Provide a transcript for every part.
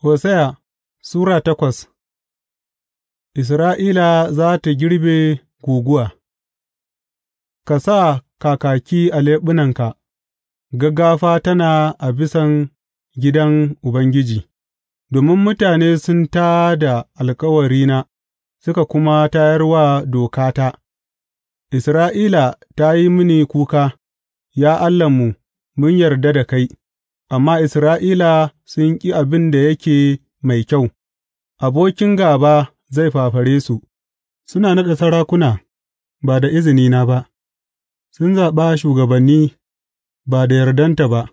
Hosiya Sura takwas Isra'ila za ta girbe guguwa Ka sa kakaki a leɓunanka, gaggafa tana a bisan gidan Ubangiji, domin mutane sun tā da alkawarina suka kuma tayar wa dokata, Isra'ila ta yi mini kuka, Ya Allahnmu, mun yarda da kai. amma Isra'ila sun ƙi abin da yake mai kyau, abokin gaba zai fafare su, suna naɗa sarakuna ba da izinina ba, sun zaɓa shugabanni ba da yardanta ba,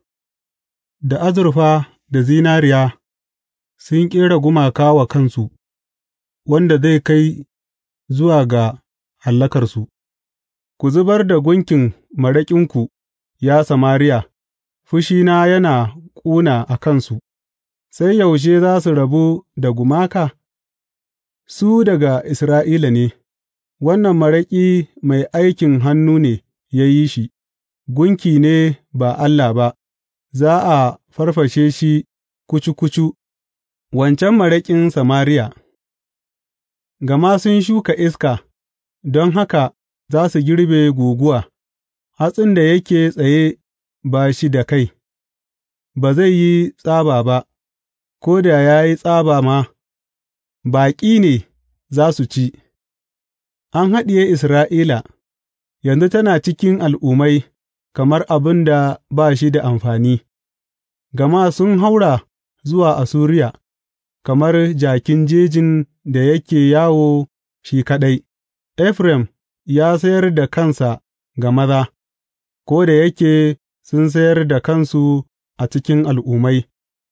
da azurfa da zinariya sun ƙera gumaka wa kansu, wanda zai kai zuwa ga hallakarsu. Ku zubar da gunkin maraƙinku, ya Samariya. Fushina yana ƙuna a kansu, sai yaushe za su rabu da gumaka? Su daga Isra'ila ne, wannan maraƙi mai aikin hannu ne ya yi shi, gunki ne ba Allah ba, za a farfashe shi kucu kucu, wancan maraƙin Samariya, gama sun shuka iska, don haka za su girbe guguwa, hatsin da yake tsaye ba shi da kai, ba zai yi tsaba ba, ko da ya yi tsaba ma, baƙi ne za su ci, an haɗiye Isra'ila, yanzu tana cikin al'ummai kamar abin da ba shi da amfani, gama sun haura zuwa Asuriya, kamar jakin jejin da yake yawo shi kaɗai, Efraim ya sayar da kansa ga maza, ko da yake sun sayar da kansu a cikin al'ummai,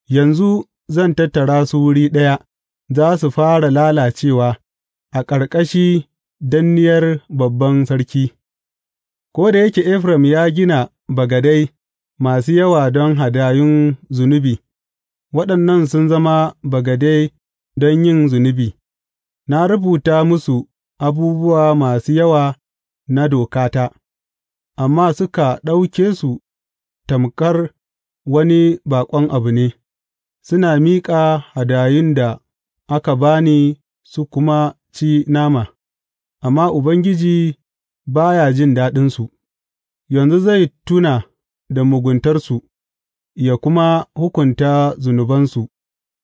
yanzu zan tattara su wuri ɗaya, za su fara lalacewa a ƙarƙashi danniyar babban sarki. Ko da yake Efraim ya gina bagadai masu yawa don hadayun zunubi, waɗannan sun zama bagadai don yin zunubi, na rubuta musu abubuwa masu yawa na dokata, amma suka ɗauke su tamƙar wani baƙon abu ne; suna miƙa hadayun da aka ba ni su kuma ci nama, amma Ubangiji ba ya jin daɗinsu; yanzu zai tuna da muguntarsu ya kuma hukunta zunubansu,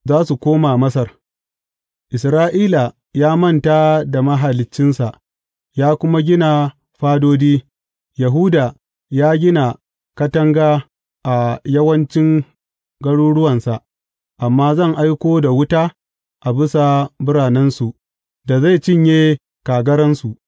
za su koma Masar, Isra'ila ya manta da Mahaliccinsa ya kuma gina fadodi, Yahuda ya gina katanga a yawancin garuruwansa, amma zan aiko da wuta a bisa biranensu da zai cinye kagaransu.